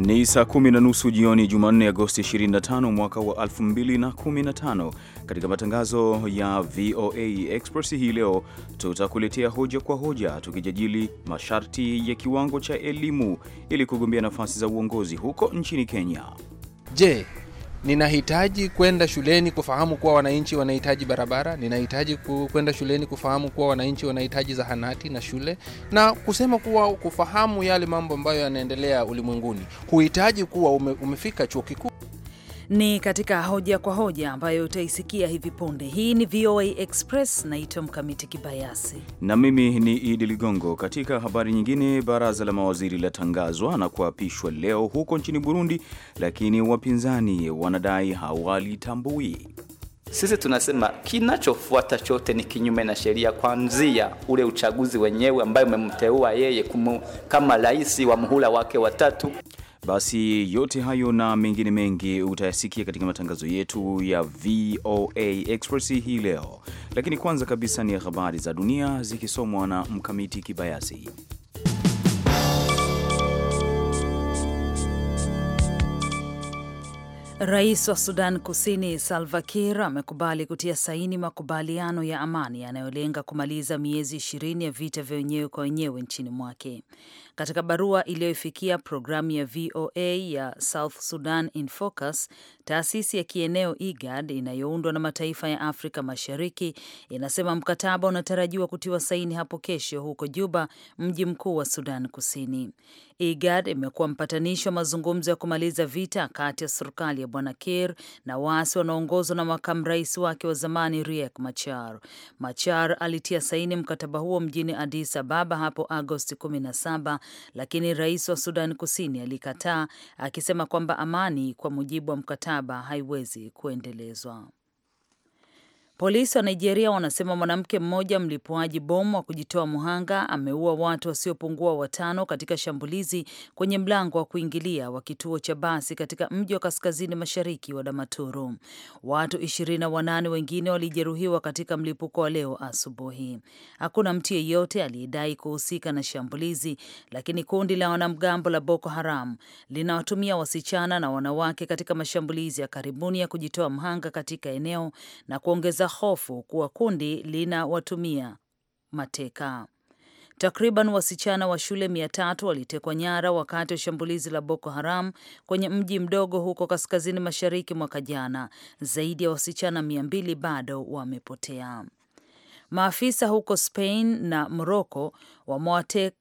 Ni saa kumi na nusu jioni Jumanne, Agosti 25 mwaka wa 2015. Katika matangazo ya VOA Express hii leo, tutakuletea hoja kwa hoja, tukijadili masharti ya kiwango cha elimu ili kugombea nafasi za uongozi huko nchini Kenya. Je, ninahitaji kwenda shuleni kufahamu kuwa wananchi wanahitaji barabara, ninahitaji kwenda shuleni kufahamu kuwa wananchi wanahitaji zahanati na shule, na kusema kuwa kufahamu yale mambo ambayo yanaendelea ulimwenguni. Huhitaji kuwa ume, umefika chuo kikuu ni katika hoja kwa hoja ambayo utaisikia hivi punde. Hii ni VOA Express, naitwa Mkamiti Kibayasi na mimi ni Idi Ligongo. Katika habari nyingine, baraza la mawaziri latangazwa na kuapishwa leo huko nchini Burundi, lakini wapinzani wanadai hawalitambui sisi tunasema kinachofuata chote ni kinyume na sheria, kwanzia ule uchaguzi wenyewe ambaye umemteua yeye kumu, kama rais wa muhula wake watatu. Basi yote hayo na mengine mengi utayasikia katika matangazo yetu ya VOA Express hii leo, lakini kwanza kabisa ni habari za dunia zikisomwa na Mkamiti Kibayasi. Rais wa Sudan Kusini Salva Kiir amekubali kutia saini makubaliano ya amani yanayolenga kumaliza miezi ishirini ya vita vya wenyewe kwa wenyewe nchini mwake. Katika barua iliyoifikia programu ya VOA ya South Sudan in Focus, taasisi ya kieneo IGAD inayoundwa na mataifa ya Afrika Mashariki inasema mkataba unatarajiwa kutiwa saini hapo kesho huko Juba, mji mkuu wa Sudan Kusini. IGAD imekuwa mpatanishi wa mazungumzo ya kumaliza vita kati ya serikali ya Bwana Kir na waasi wanaoongozwa na makamu rais wake wa zamani Riek Machar. Machar alitia saini mkataba huo mjini Addis Ababa hapo Agosti 17 lakini rais wa Sudan Kusini alikataa akisema kwamba amani kwa mujibu wa mkataba haiwezi kuendelezwa. Polisi wa Nigeria wanasema mwanamke mmoja mlipuaji bomu wa kujitoa muhanga ameua watu wasiopungua watano katika shambulizi kwenye mlango wa kuingilia wa kituo cha basi katika mji wa kaskazini mashariki wa Damaturu. Watu na wanane wengine walijeruhiwa katika mlipuko wa leo asubuhi. Hakuna mtu yeyote aliyedai kuhusika na shambulizi, lakini kundi la wanamgambo la Boko Haram linawatumia wasichana na wanawake katika mashambulizi ya karibuni ya kujitoa mhanga katika eneo na kuongeza hofu kuwa kundi lina watumia mateka. Takriban wasichana wa shule mia tatu walitekwa nyara wakati wa shambulizi la Boko Haram kwenye mji mdogo huko kaskazini mashariki mwaka jana. Zaidi ya wasichana mia mbili bado wamepotea. Maafisa huko Spain na Moroko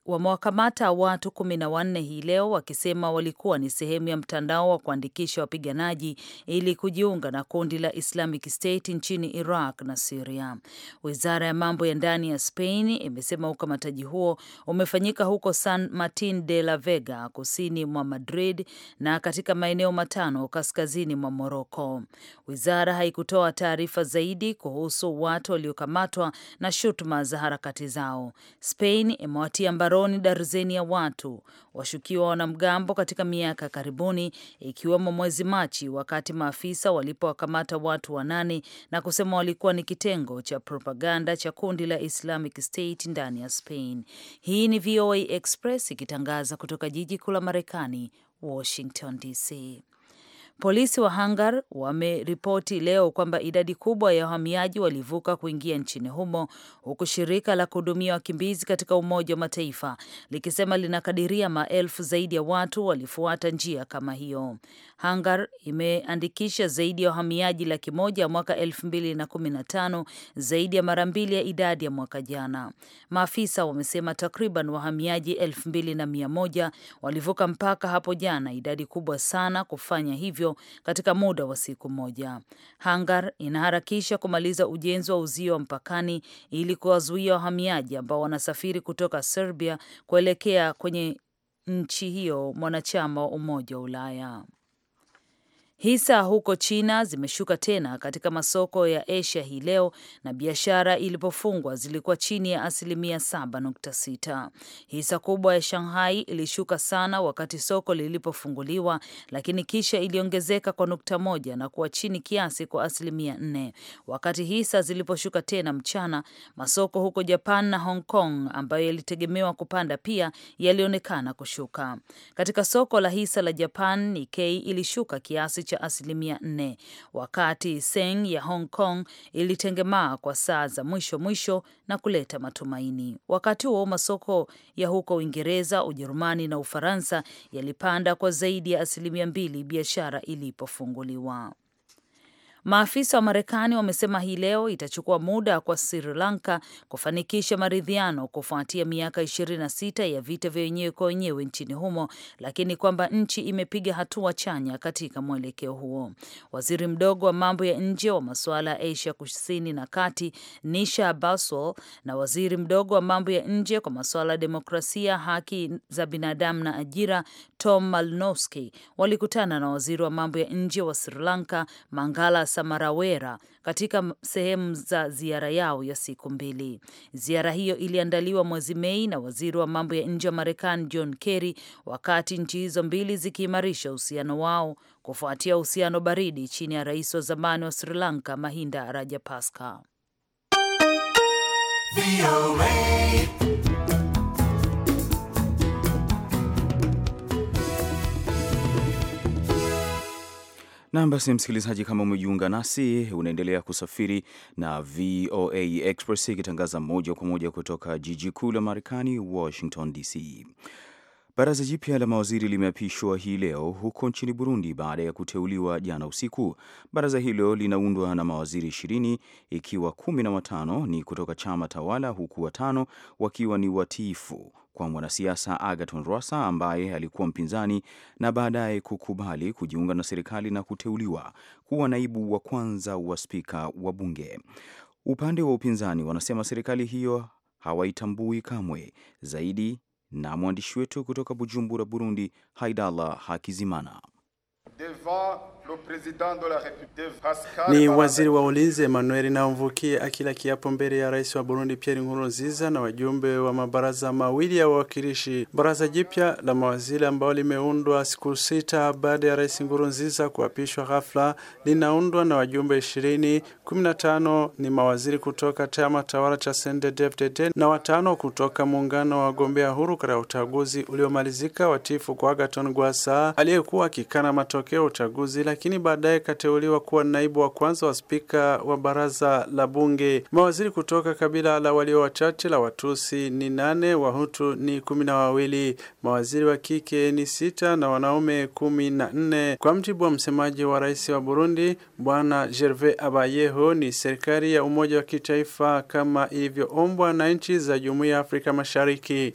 wamewakamata watu kumi na wanne hii leo wakisema walikuwa ni sehemu ya mtandao wa kuandikisha wapiganaji ili kujiunga na kundi la Islamic State nchini Iraq na siria Wizara ya mambo ya ndani ya Spain imesema ukamataji huo umefanyika huko San Martin de la Vega, kusini mwa Madrid na katika maeneo matano kaskazini mwa Morocco. Wizara haikutoa taarifa zaidi kuhusu watu waliokamatwa na shutuma za harakati zao. Spain imewatia mbaroni darzeni ya watu washukiwa wanamgambo katika miaka ya karibuni, ikiwemo mwezi Machi wakati maafisa walipowakamata watu wanane na kusema walikuwa ni kitengo cha propaganda cha kundi la Islamic State ndani ya Spain. Hii ni VOA Express ikitangaza kutoka jiji kuu la Marekani, Washington DC. Polisi wa Hungar wameripoti leo kwamba idadi kubwa ya wahamiaji walivuka kuingia nchini humo, huku shirika la kuhudumia wakimbizi katika Umoja wa Mataifa likisema linakadiria maelfu zaidi ya watu walifuata njia kama hiyo. Hungar imeandikisha zaidi ya wahamiaji laki moja mwaka elfu mbili na kumi na tano, zaidi ya mara mbili ya idadi ya mwaka jana. Maafisa wamesema takriban wahamiaji elfu mbili na mia moja walivuka mpaka hapo jana, idadi kubwa sana kufanya hivyo hiyo katika muda wa siku moja. hangar inaharakisha kumaliza ujenzi wa uzio wa mpakani ili kuwazuia wahamiaji ambao wanasafiri kutoka Serbia kuelekea kwenye nchi hiyo mwanachama wa Umoja wa Ulaya. Hisa huko China zimeshuka tena katika masoko ya Asia hii leo, na biashara ilipofungwa zilikuwa chini ya asilimia 7.6. Hisa kubwa ya Shanghai ilishuka sana wakati soko lilipofunguliwa, lakini kisha iliongezeka kwa nukta moja na kuwa chini kiasi kwa asilimia 4 wakati hisa ziliposhuka tena mchana. Masoko huko Japan na Hong Kong ambayo yalitegemewa kupanda pia yalionekana kushuka. Katika soko la hisa la Japan, Nikkei ilishuka kiasi cha asilimia 4 wakati Seng ya Hong Kong ilitengemaa kwa saa za mwisho mwisho na kuleta matumaini. Wakati huo masoko ya huko Uingereza, Ujerumani na Ufaransa yalipanda kwa zaidi ya asilimia mbili biashara ilipofunguliwa. Maafisa wa Marekani wamesema hii leo itachukua muda kwa Sri Lanka kufanikisha maridhiano kufuatia miaka 26 ya vita vya wenyewe kwa wenyewe nchini humo, lakini kwamba nchi imepiga hatua chanya katika mwelekeo huo. Waziri mdogo wa mambo ya nje wa masuala ya Asia kusini na kati Nisha baswel na waziri mdogo wa mambo ya nje kwa masuala ya demokrasia, haki za binadamu na ajira Tom Malnowski walikutana na waziri wa mambo ya nje wa Sri Lanka Mangala marawera katika sehemu za ziara yao ya siku mbili. Ziara hiyo iliandaliwa mwezi Mei na waziri wa mambo ya nje wa Marekani John Kerry, wakati nchi hizo mbili zikiimarisha uhusiano wao kufuatia uhusiano baridi chini ya rais wa zamani wa Sri Lanka Mahinda Rajapaksa. Nam, basi msikilizaji, kama umejiunga nasi, unaendelea kusafiri na VOA Express ikitangaza moja kwa moja kutoka jiji kuu la Marekani, Washington DC. Baraza jipya la mawaziri limeapishwa hii leo huko nchini Burundi baada ya kuteuliwa jana usiku. Baraza hilo linaundwa na mawaziri ishirini ikiwa kumi na watano ni kutoka chama tawala huku watano wakiwa ni watiifu kwa mwanasiasa Agaton Rwasa ambaye alikuwa mpinzani na baadaye kukubali kujiunga na serikali na kuteuliwa kuwa naibu wa kwanza wa spika wa bunge. Upande wa upinzani wanasema serikali hiyo hawaitambui kamwe. Zaidi na mwandishi wetu kutoka Bujumbura, Burundi, Haidallah Hakizimana ni waziri wa ulinzi Emmanuel Namvukie akila kiapo mbele ya rais wa Burundi Pierre Nkurunziza na wajumbe wa mabaraza mawili ya wawakilishi. Baraza jipya la mawaziri ambao limeundwa siku sita baada ya rais Nkurunziza kuapishwa ghafla linaundwa na wajumbe ishirini, kumi na tano ni mawaziri kutoka chama tawala cha CNDD-FDD na watano kutoka muungano wa wagombea huru katika uchaguzi uliomalizika watifu kwa Agathon Rwasa aliyekuwa akikana matokeo ya uchaguzi la lakini baadaye kateuliwa kuwa naibu wa kwanza wa spika wa baraza la bunge. Mawaziri kutoka kabila la walio wachache la Watusi ni nane, Wahutu ni kumi na wawili, mawaziri wa kike ni sita na wanaume kumi na nne. Kwa mjibu wa msemaji wa rais wa Burundi Bwana Gervais Abayeho, ni serikali ya umoja wa kitaifa kama ilivyoombwa na nchi za jumuiya ya Afrika Mashariki.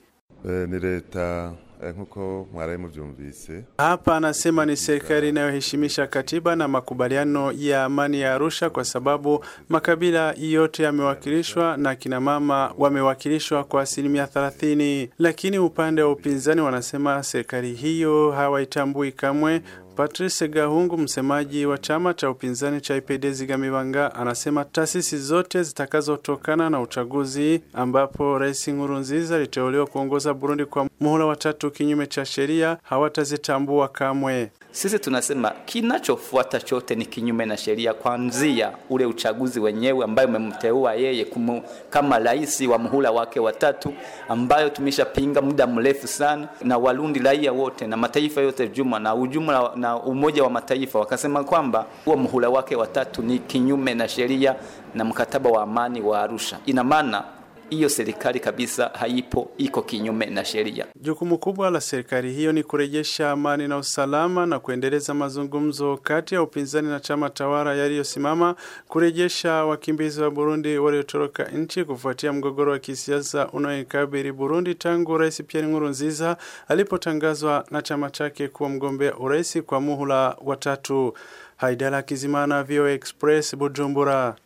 E, ni leta Eh, nkuko mwaraye muvyumvise hapa anasema ni serikali inayoheshimisha katiba na makubaliano ya amani ya Arusha kwa sababu makabila yote yamewakilishwa na kina mama wamewakilishwa kwa asilimia 30 lakini upande wa upinzani wanasema serikali hiyo hawaitambui kamwe Patrice Gahungu, msemaji wa chama cha upinzani cha ipd Zigamibanga, anasema taasisi zote zitakazotokana na uchaguzi ambapo Rais Nkurunziza aliteuliwa kuongoza Burundi kwa muhula watatu kinyume cha sheria hawatazitambua kamwe. Sisi tunasema kinachofuata chote ni kinyume na sheria, kwanzia ule uchaguzi wenyewe ambayo umemteua yeye kumu, kama rais wa muhula wake watatu, ambayo tumeshapinga muda mrefu sana, na Warundi raia wote na mataifa yote jumla na ujumla na Umoja wa Mataifa wakasema kwamba huo muhula wake watatu ni kinyume na sheria na mkataba wa amani wa Arusha. Ina maana hiyo serikali kabisa haipo, iko kinyume na sheria. Jukumu kubwa la serikali hiyo ni kurejesha amani na usalama na kuendeleza mazungumzo kati ya upinzani na chama tawala yaliyosimama, kurejesha wakimbizi wa Burundi waliotoroka nchi kufuatia mgogoro wa kisiasa unaoikabili Burundi tangu Rais Pierre Nkurunziza alipotangazwa na chama chake kuwa mgombea urais kwa muhula watatu. Haidala Kizimana, VOA Express, Bujumbura.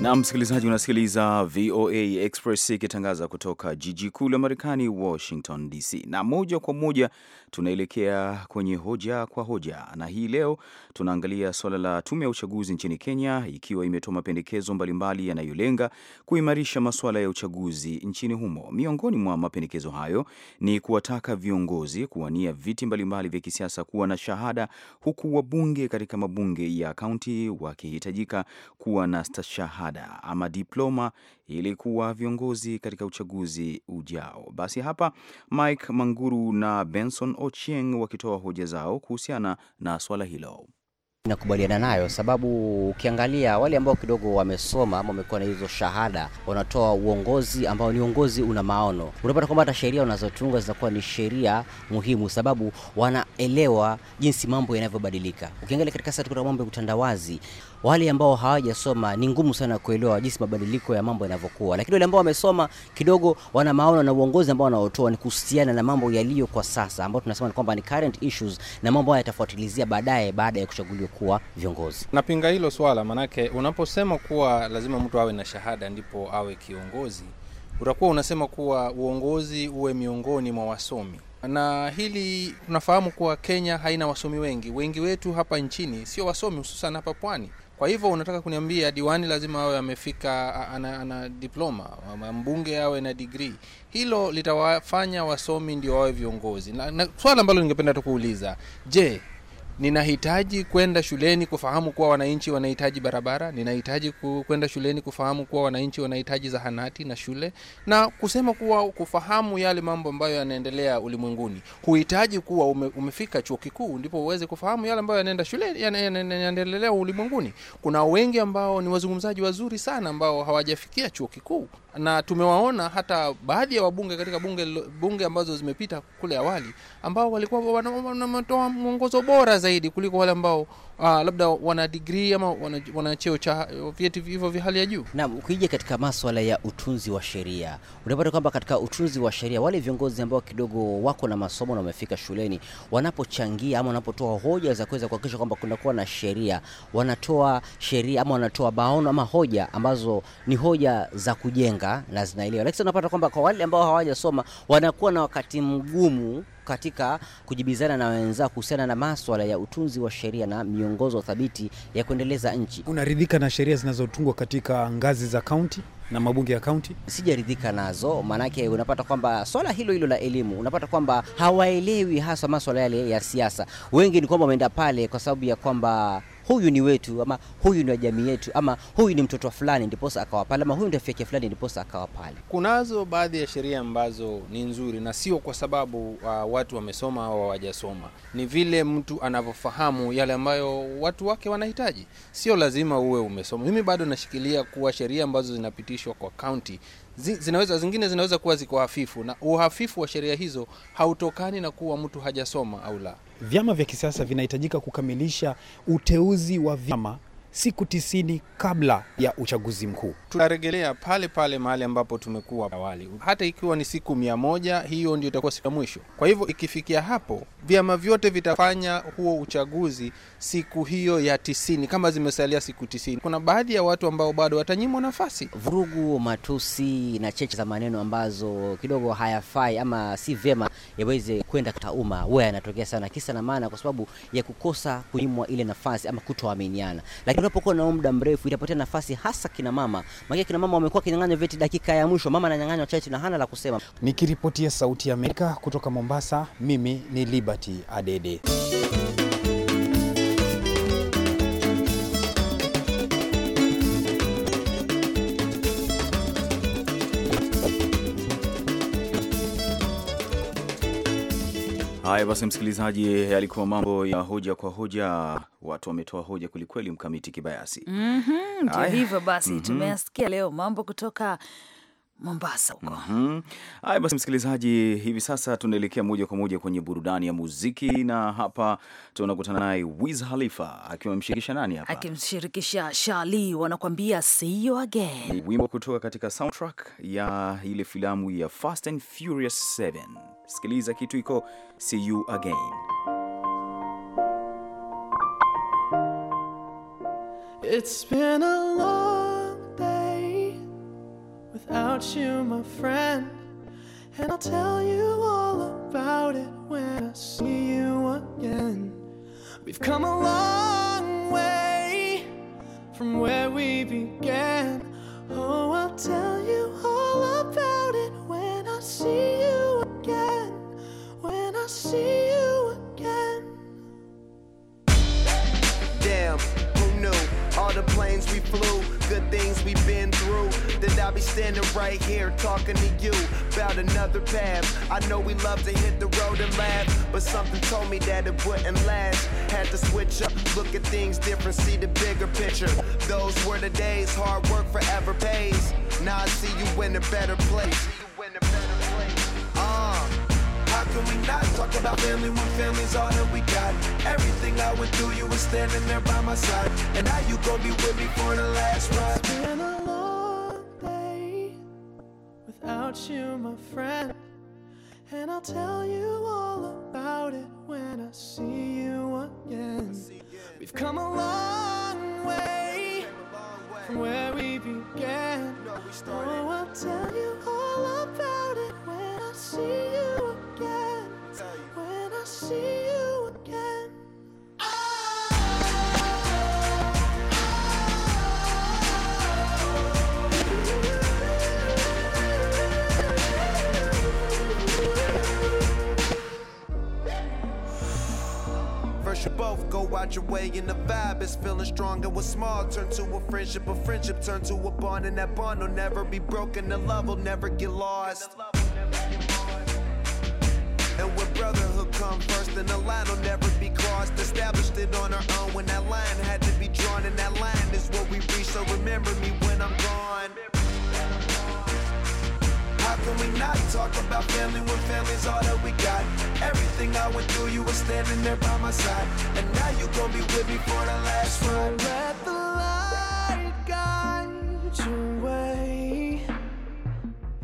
na msikilizaji, unasikiliza VOA Express ikitangaza kutoka jiji kuu la Marekani, Washington DC, na moja kwa moja tunaelekea kwenye hoja kwa hoja, na hii leo tunaangalia suala la tume ya uchaguzi nchini Kenya, ikiwa imetoa mapendekezo mbalimbali yanayolenga kuimarisha masuala ya uchaguzi nchini humo. Miongoni mwa mapendekezo hayo ni kuwataka viongozi kuwania viti mbalimbali vya kisiasa kuwa na shahada, huku wabunge katika mabunge ya kaunti wakihitajika kuwa na stashahada shahada ama diploma ili kuwa viongozi katika uchaguzi ujao. Basi hapa Mike Manguru na Benson Ochieng wakitoa hoja zao kuhusiana na swala hilo. Nakubaliana nayo sababu, ukiangalia wale ambao kidogo wamesoma ama wamekuwa na hizo shahada, wanatoa uongozi ambao ni uongozi una maono. Unapata kwamba hata sheria wanazotunga zinakuwa ni sheria muhimu, sababu wanaelewa jinsi mambo yanavyobadilika. Ukiangalia katika sasa, tuko na mambo ya utandawazi, wale ambao hawajasoma ni ngumu sana kuelewa jinsi mabadiliko ya mambo yanavyokuwa, lakini wale ambao wamesoma kidogo wana maono na uongozi ambao wanaotoa ni kuhusiana na mambo yaliyo kwa sasa, ambao tunasema kwamba ni current issues, na mambo haya yatafuatilizia baadaye baada ya kuchaguliwa kuwa viongozi. Napinga hilo swala, maanake unaposema kuwa lazima mtu awe na shahada ndipo awe kiongozi, utakuwa unasema kuwa uongozi uwe miongoni mwa wasomi na hili tunafahamu kuwa Kenya haina wasomi wengi. Wengi wetu hapa nchini sio wasomi, hususan hapa pwani. Kwa hivyo unataka kuniambia diwani lazima awe amefika ana, ana diploma, mbunge awe na digrii. Hilo litawafanya wasomi ndio wawe viongozi. Na, na swala ambalo ningependa tu kuuliza, je, ninahitaji kwenda shuleni kufahamu kuwa wananchi wanahitaji barabara ninahitaji kwenda shuleni kufahamu kuwa wananchi wanahitaji zahanati na shule na kusema kuwa kufahamu yale mambo ambayo yanaendelea ulimwenguni huhitaji kuwa ume, umefika chuo kikuu ndipo uweze kufahamu yale ambayo yanaenda shule yanaendelea ulimwenguni kuna wengi ambao ni wazungumzaji wazuri sana ambao hawajafikia chuo kikuu na tumewaona hata baadhi ya wabunge katika bunge, bunge ambazo zimepita kule awali ambao walikuwa wanatoa mwongozo bora zaidi kuliko wale ambao uh, labda wana digrii ama wana, wana cheo cha vyeti hivyo vya hali ya juu. Naam, ukija katika maswala ya utunzi wa sheria unapata kwamba katika utunzi wa sheria wale viongozi ambao kidogo wako na masomo na wamefika shuleni, wanapochangia ama wanapotoa hoja za kuweza kuhakikisha kwamba kunakuwa na sheria, wanatoa sheria ama wanatoa baono ama hoja ambazo ni hoja za kujenga na zinaelewa, lakini unapata kwamba kwa wale ambao hawajasoma wanakuwa na wakati mgumu katika kujibizana na wenzao kuhusiana na maswala ya utunzi wa sheria na miongozo thabiti ya kuendeleza nchi. Unaridhika na sheria zinazotungwa katika ngazi za kaunti na mabunge ya kaunti? Sijaridhika nazo, maanake unapata kwamba swala hilo hilo la elimu, unapata kwamba hawaelewi haswa maswala yale ya siasa. Wengi ni kwamba wameenda pale kwa sababu ya kwamba huyu ni wetu, ama huyu ni wa jamii yetu, ama huyu ni mtoto fulani ndiposa akawa pale, ama huyu ndio afya fulani ndiposa akawa pale. Kunazo baadhi ya sheria ambazo ni nzuri, na sio kwa sababu uh, watu wamesoma au hawajasoma, ni vile mtu anavyofahamu yale ambayo watu wake wanahitaji. Sio lazima uwe umesoma. Mimi bado nashikilia kuwa sheria ambazo zinapitishwa kwa kaunti zi, zinaweza zingine zinaweza kuwa ziko hafifu, na uhafifu wa sheria hizo hautokani na kuwa mtu hajasoma au la. Vyama vya kisiasa vinahitajika kukamilisha uteuzi wa vyama siku tisini kabla ya uchaguzi mkuu. tutaregelea pale pale mahali ambapo tumekuwa awali, hata ikiwa ni siku mia moja, hiyo ndio itakuwa siku ya mwisho. Kwa hivyo ikifikia hapo, vyama vyote vitafanya huo uchaguzi siku hiyo ya tisini, kama zimesalia siku tisini. Kuna baadhi ya watu ambao bado watanyimwa nafasi. Vurugu, matusi na cheche za maneno ambazo kidogo hayafai ama si vyema yaweze kwenda katika umma, huwa yanatokea sana, kisa na maana, kwa sababu ya kukosa kunyimwa ile nafasi ama kutoaminiana, lakini Unapokuwa nao muda mrefu itapotea nafasi, hasa kina mama. Maana kina mama wamekuwa kinyang'anywa vyeti dakika ya mwisho, mama ananyang'anywa cheti na hana la kusema. Nikiripotia Sauti ya Amerika kutoka Mombasa, mimi ni Liberty Adede. Haya basi, msikilizaji, yalikuwa mambo ya hoja kwa hoja. Watu wametoa hoja kwelikweli, mkamiti kibayasi. mm -hmm, ndio hivyo basi. mm -hmm. Tumeasikia leo mambo kutoka Mombasa huko. Mm -hmm. Haya basi, msikilizaji, hivi sasa tunaelekea moja kwa moja kwenye burudani ya muziki, na hapa tunakutana naye Wiz Khalifa akiwa amemshirikisha nani hapa? Akimshirikisha Shali, wanakuambia see you again. wimbo kutoka katika soundtrack ya ile filamu ya Fast and Furious 7. Sikiliza kitu iko see you again. It's been a long without you, my friend. And I'll tell you all about it when I see you again. We've come a long way from where we began. standing right here talking to you about another path. I know we love to hit the road and laugh, but something told me that it wouldn't last. Had to switch up, look at things different, see the bigger picture. Those were the days, hard work forever pays. Now I see you in a better place. Uh, how can we not talk about family when family's all that we got? Everything I went through, you were standing there by my side. And now you gon' be with me for the last ride. friend. And I'll tell you all about it when I see you again. We've come a long way from where we began. Oh, I'll tell you all about it when I see you again. When I see your way and the vibe is feeling strong and what's small turn to a friendship a friendship turn to a bond and that bond will never be broken the love will never get lost and when brotherhood come first then the line will never be crossed established it on our own when that line had to be drawn and that line is what we reach so remember me when i'm gone how can we not talk about family when family's all that we got Everything I went through, you were standing there by my side. And now you gon' be with me for the last ride. So let the light guide your way.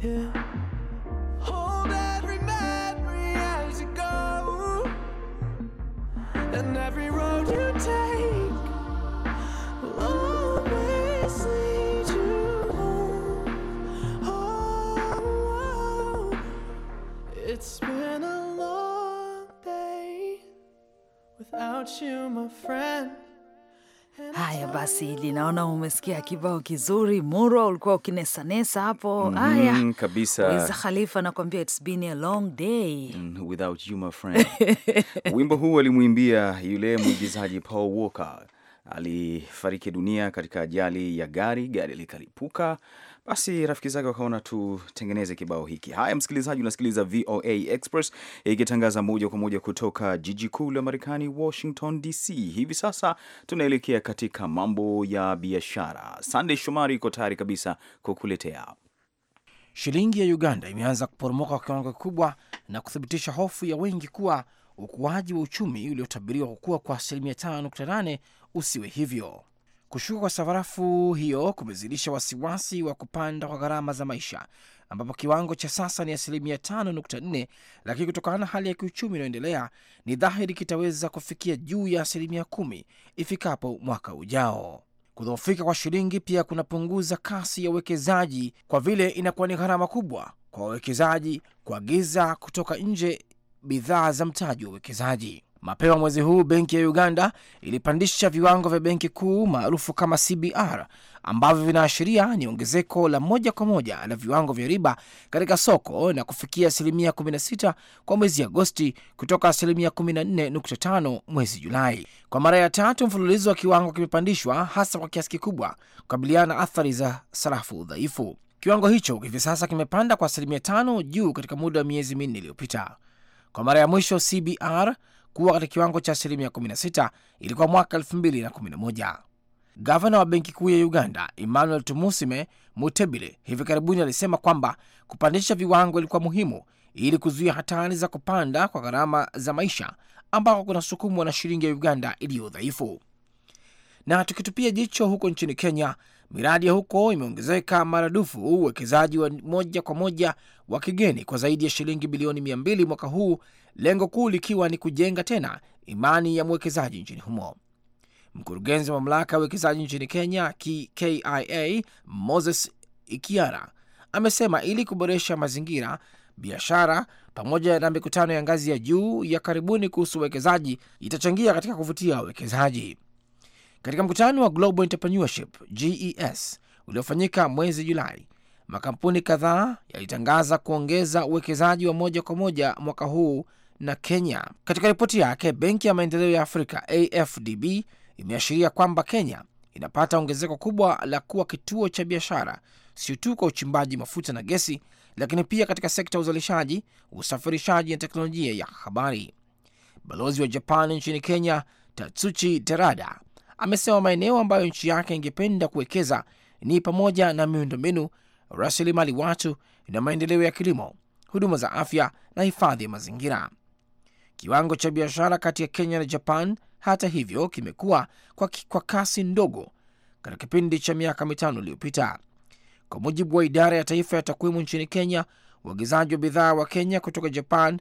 Yeah. Haya basi, linaona umesikia kibao kizuri murwa, ulikuwa ukinesanesa hapo. Mhm, Haya mm, kabisa. Wiz Khalifa anakuambia it's been a long day mm, without you my friend. Wimbo huu alimwimbia yule mwigizaji Paul Walker alifariki dunia katika ajali ya gari, gari likalipuka. Basi rafiki zake wakaona tutengeneze kibao hiki. Haya, msikilizaji, unasikiliza VOA Express ikitangaza moja kwa moja kutoka jiji kuu la Marekani, Washington DC. Hivi sasa tunaelekea katika mambo ya biashara. Sandey Shomari iko tayari kabisa kukuletea. Shilingi ya Uganda imeanza kuporomoka kwa kiwango kikubwa na kuthibitisha hofu ya wengi kuwa ukuaji wa uchumi uliotabiriwa kukua kwa asilimia 5.8 usiwe hivyo. Kushuka kwa sarafu hiyo kumezidisha wasiwasi wa kupanda kwa gharama za maisha, ambapo kiwango cha sasa ni asilimia 5.4, lakini kutokana na hali ya kiuchumi inayoendelea ni dhahiri kitaweza kufikia juu ya asilimia kumi ifikapo mwaka ujao. Kudhoofika kwa shilingi pia kunapunguza kasi ya uwekezaji, kwa vile inakuwa ni gharama kubwa kwa wawekezaji kuagiza kutoka nje bidhaa za mtaji wa uwekezaji. Mapema mwezi huu benki ya Uganda ilipandisha viwango vya benki kuu maarufu kama CBR ambavyo vinaashiria ni ongezeko la moja kwa moja la viwango vya riba katika soko na kufikia asilimia 16 kwa mwezi Agosti kutoka asilimia 14.5 mwezi Julai. Kwa mara ya tatu mfululizo wa kiwango kimepandishwa hasa kwa kiasi kikubwa kukabiliana na athari za sarafu dhaifu. Kiwango hicho hivi sasa kimepanda kwa asilimia tano juu katika muda wa miezi minne iliyopita. Kwa mara ya mwisho CBR kuwa katika kiwango cha asilimia 16 ilikuwa mwaka 2011. Gavana wa benki kuu ya Uganda Emmanuel Tumusime Mutebile hivi karibuni alisema kwamba kupandisha viwango ilikuwa muhimu ili kuzuia hatari za kupanda kwa gharama za maisha ambako kuna sukumwa na shilingi ya Uganda iliyo dhaifu. Na tukitupia jicho huko nchini Kenya, miradi ya huko imeongezeka maradufu uwekezaji wa moja kwa moja wa kigeni kwa zaidi ya shilingi bilioni mia mwaka huu, lengo kuu likiwa ni kujenga tena imani ya mwekezaji nchini humo. Mkurugenzi wa mamlaka ya uwekezaji nchini Kenya KIA Moses Ikiara amesema ili kuboresha mazingira, biashara pamoja na mikutano ya ngazi ya juu ya karibuni kuhusu uwekezaji itachangia katika kuvutia wawekezaji. Katika mkutano wa Global Entrepreneurship GES uliofanyika mwezi Julai, makampuni kadhaa yalitangaza kuongeza uwekezaji wa moja kwa moja mwaka huu na Kenya. Katika ripoti yake, Benki ya Maendeleo ya Afrika AFDB imeashiria kwamba Kenya inapata ongezeko kubwa la kuwa kituo cha biashara, sio tu kwa uchimbaji mafuta na gesi, lakini pia katika sekta ya uzalishaji, usafirishaji na teknolojia ya habari. Balozi wa Japan nchini Kenya Tatsuchi Terada amesema maeneo ambayo nchi yake ingependa kuwekeza ni pamoja na miundombinu, rasilimali watu na maendeleo ya kilimo, huduma za afya na hifadhi ya mazingira. Kiwango cha biashara kati ya Kenya na Japan, hata hivyo, kimekuwa kwa, kwa kasi ndogo katika kipindi cha miaka mitano iliyopita. Kwa mujibu wa idara ya taifa ya takwimu nchini Kenya, uagizaji wa bidhaa wa Kenya kutoka Japan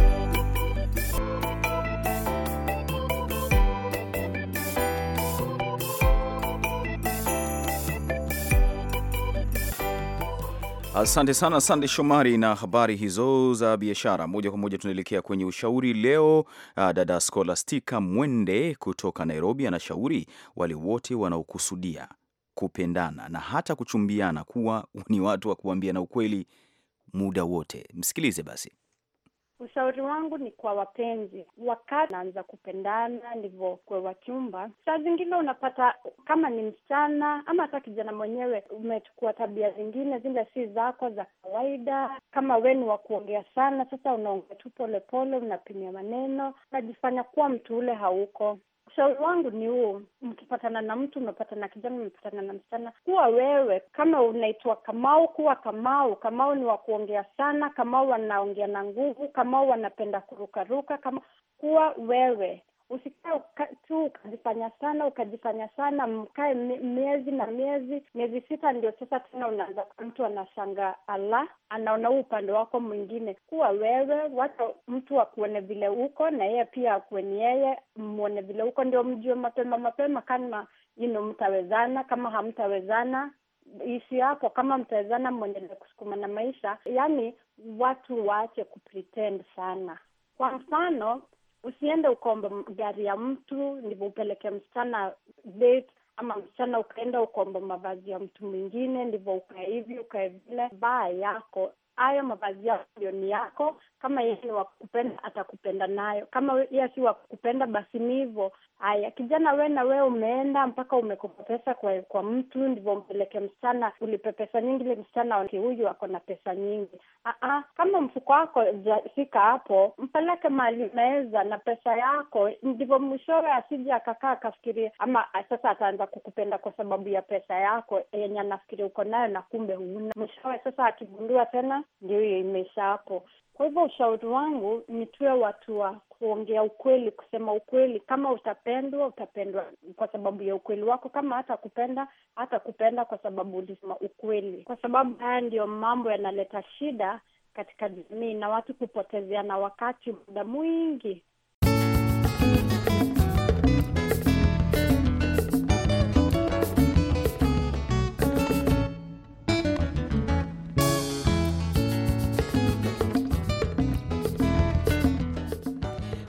Asante sana Sande Shomari na habari hizo za biashara. Moja kwa moja tunaelekea kwenye ushauri leo. Ah, dada Skolastika Mwende kutoka Nairobi anashauri wale wote wanaokusudia kupendana na hata kuchumbiana kuwa ni watu wa kuambia na ukweli muda wote. Msikilize basi. Ushauri wangu ni kwa wapenzi, wakati naanza kupendana ndivyo kwa chumba, saa zingine unapata kama ni msichana ama hata kijana mwenyewe umechukua tabia zingine zile si zako za kawaida. Kama we ni wa kuongea sana, sasa unaongea tu polepole, unapimia maneno, unajifanya kuwa mtu ule hauko. Ushauri wangu ni huo, mkipatana na mtu, umepatana na kijana, umepatana na msichana, kuwa wewe. Kama unaitwa Kamau, kuwa Kamau. Kamau ni wa kuongea sana, Kamau wanaongea na nguvu, Kamau wanapenda kurukaruka, kama kuwa wewe. Usikae tu ukajifanya sana ukajifanya sana, mkae miezi na miezi, miezi sita, ndio sasa tena unaanza mtu anashanga, ala, anaona huu upande wako mwingine. Kuwa wewe, wacha mtu akuone vile uko, na yeye pia akueni yeye, mwone vile uko, ndio mjue mapema mapema kama ino mtawezana. Kama hamtawezana ishi hapo. Kama mtawezana, mwendelee kusukuma na maisha. Yaani watu waache kupretend sana. Kwa mfano usiende ukombe gari ya mtu ndivyo upeleke msichana date ama msichana ukaenda ukombe mavazi ya mtu mwingine ndivyo ukae hivi ukae vile baa yako hayo mavazi yako ndio ni yako kama yeye wakupenda atakupenda nayo, kama yeye si wakupenda basi ni hivyo. Haya kijana, we na we umeenda mpaka umekopa pesa kwa kwa mtu, ndivyo mpeleke msichana, ulipe pesa nyingi ile msichana, huyu ako na pesa nyingi. Aa, ah, ah, kama mfuko wako fika hapo, mpeleke mahali meza na pesa yako, ndivyo mwishowe asije akakaa akafikiria, ama sasa ataanza kukupenda kwa sababu ya pesa yako yenye anafikiria uko nayo na kumbe huna. Mwishowe sasa akigundua tena, ndio hiyo imeisha hapo. Kwa hivyo ushauri wangu ni tuwe watu wa kuongea ukweli, kusema ukweli. Kama utapendwa, utapendwa kwa sababu ya ukweli wako. Kama hata kupenda, hata kupenda kwa sababu ulisema ukweli, kwa sababu haya ndiyo mambo yanaleta shida katika jamii na watu kupotezeana wakati muda mwingi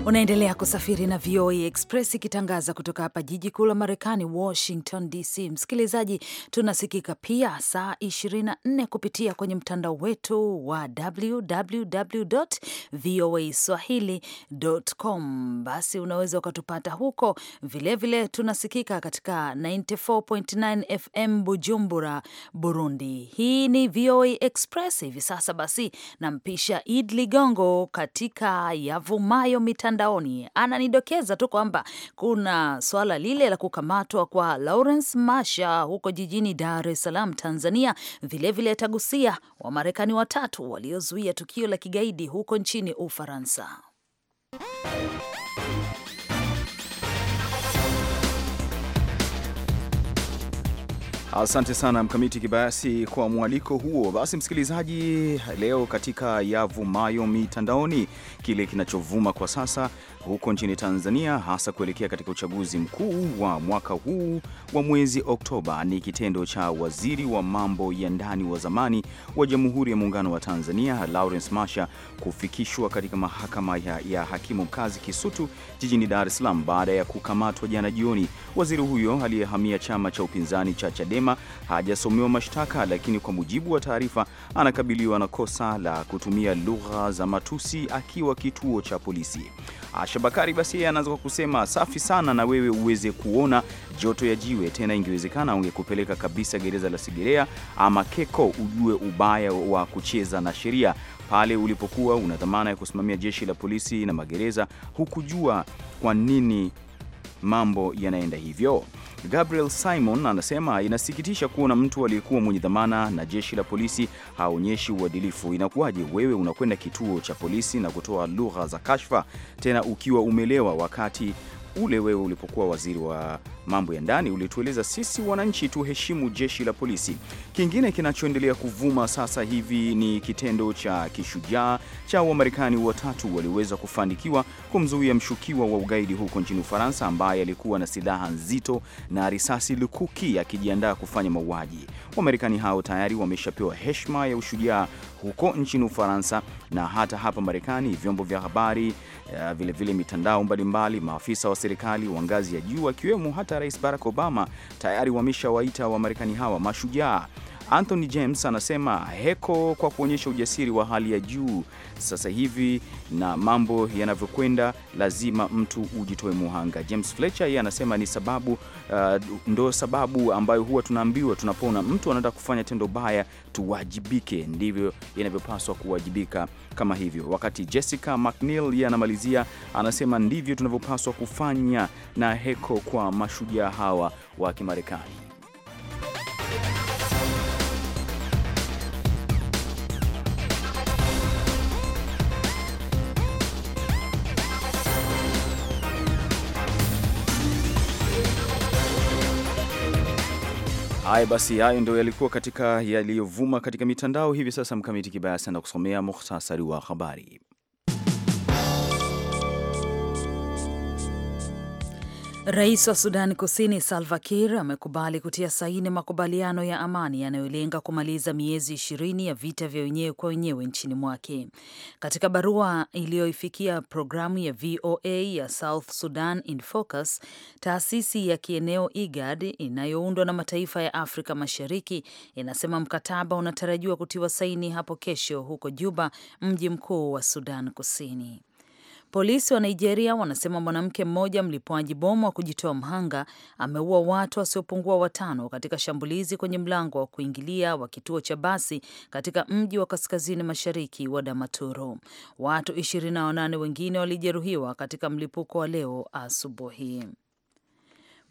Unaendelea kusafiri na VOA e Express ikitangaza kutoka hapa jiji kuu la Marekani, Washington DC. Msikilizaji, tunasikika pia saa 24 kupitia kwenye mtandao wetu wa www voa e swahili.com. Basi unaweza ukatupata huko vilevile. Vile tunasikika katika 94.9 FM Bujumbura, Burundi. Hii ni VOA e Express hivi sasa. Basi nampisha Id Ligongo katika yavumayo mitandao mtandaoni ananidokeza tu kwamba kuna swala lile la kukamatwa kwa Lawrence Masha huko jijini Dar es Salaam, Tanzania. Vilevile atagusia Wamarekani watatu waliozuia tukio la kigaidi huko nchini Ufaransa. Asante sana Mkamiti Kibayasi kwa mwaliko huo. Basi msikilizaji, leo katika yavumayo mitandaoni, kile kinachovuma kwa sasa huko nchini Tanzania, hasa kuelekea katika uchaguzi mkuu wa mwaka huu wa mwezi Oktoba, ni kitendo cha waziri wa mambo ya ndani wa zamani wa Jamhuri ya Muungano wa Tanzania Lawrence Masha kufikishwa katika mahakama ya, ya hakimu mkazi Kisutu jijini Dar es Salaam baada ya kukamatwa jana jioni. Waziri huyo aliyehamia chama cha upinzani cha Chadema amesema hajasomewa mashtaka, lakini kwa mujibu wa taarifa anakabiliwa na kosa la kutumia lugha za matusi akiwa kituo cha polisi. Asha Bakari basi yeye anaanza kwa kusema safi sana, na wewe uweze kuona joto ya jiwe tena. Ingewezekana ungekupeleka kabisa gereza la Sigerea ama Keko, ujue ubaya wa kucheza na sheria pale ulipokuwa una dhamana ya kusimamia jeshi la polisi na magereza, hukujua kwa nini mambo yanaenda hivyo. Gabriel Simon anasema inasikitisha kuona mtu aliyekuwa mwenye dhamana na jeshi la polisi haonyeshi uadilifu. Inakuwaje wewe unakwenda kituo cha polisi na kutoa lugha za kashfa, tena ukiwa umelewa, wakati ule wewe ulipokuwa waziri wa mambo ya ndani ulitueleza sisi wananchi tuheshimu jeshi la polisi. Kingine kinachoendelea kuvuma sasa hivi ni kitendo cha kishujaa cha Wamarekani watatu waliweza kufanikiwa kumzuia mshukiwa wa ugaidi huko nchini Ufaransa ambaye alikuwa na silaha nzito na risasi lukuki akijiandaa kufanya mauaji. Wamarekani hao tayari wameshapewa heshima ya ushujaa huko nchini Ufaransa na hata hapa Marekani. Vyombo vya habari vilevile eh, vile mitandao mbalimbali maafisa wa serikali wa ngazi ya juu akiwemo hata Rais Barack Obama tayari wameshawaita Wamarekani hawa mashujaa. Anthony James anasema heko kwa kuonyesha ujasiri wa hali ya juu. Sasa hivi na mambo yanavyokwenda, lazima mtu ujitoe muhanga. James Fletcher yeye anasema ni sababu uh, ndo sababu ambayo huwa tunaambiwa tunapoona mtu anataka kufanya tendo baya tuwajibike, ndivyo inavyopaswa kuwajibika kama hivyo. Wakati Jessica McNeil yeye anamalizia anasema ndivyo tunavyopaswa kufanya, na heko kwa mashujaa hawa wa Kimarekani. Haya basi, hayo ndio yalikuwa katika yaliyovuma katika mitandao hivi sasa. Mkamiti Kibayasi anakusomea kusomea muhtasari wa habari. Rais wa Sudani Kusini Salva Kiir amekubali kutia saini makubaliano ya amani yanayolenga kumaliza miezi ishirini ya vita vya wenyewe kwa wenyewe nchini mwake. Katika barua iliyoifikia programu ya VOA ya South Sudan in Focus, taasisi ya kieneo IGAD inayoundwa na mataifa ya Afrika Mashariki inasema mkataba unatarajiwa kutiwa saini hapo kesho huko Juba, mji mkuu wa Sudan Kusini. Polisi wa Nigeria wanasema mwanamke mmoja mlipuaji bomu wa kujitoa mhanga ameua watu wasiopungua watano katika shambulizi kwenye mlango wa kuingilia wa kituo cha basi katika mji wa kaskazini mashariki wa Damaturu. Watu wanane wengine walijeruhiwa katika mlipuko wa leo asubuhi.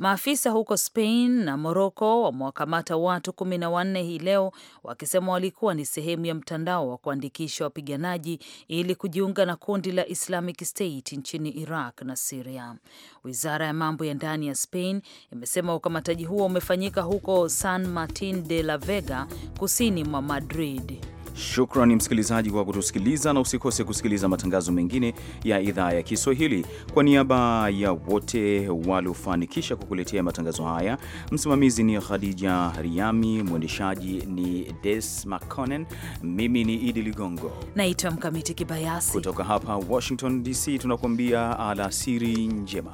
Maafisa huko Spain na Moroko wamewakamata watu kumi na wanne hii leo wakisema walikuwa ni sehemu ya mtandao wa kuandikisha wapiganaji ili kujiunga na kundi la Islamic State nchini Iraq na Siria. Wizara ya mambo ya ndani ya Spain imesema ukamataji huo umefanyika huko San Martin de la Vega, kusini mwa Madrid. Shukrani msikilizaji kwa kutusikiliza, na usikose kusikiliza matangazo mengine ya idhaa ya Kiswahili. Kwa niaba ya wote waliofanikisha kukuletea matangazo haya, msimamizi ni Khadija Riami, mwendeshaji ni Des mcconen mimi ni Idi Ligongo naitwa Mkamiti Kibayasi kutoka hapa Washington DC, tunakuambia alasiri njema.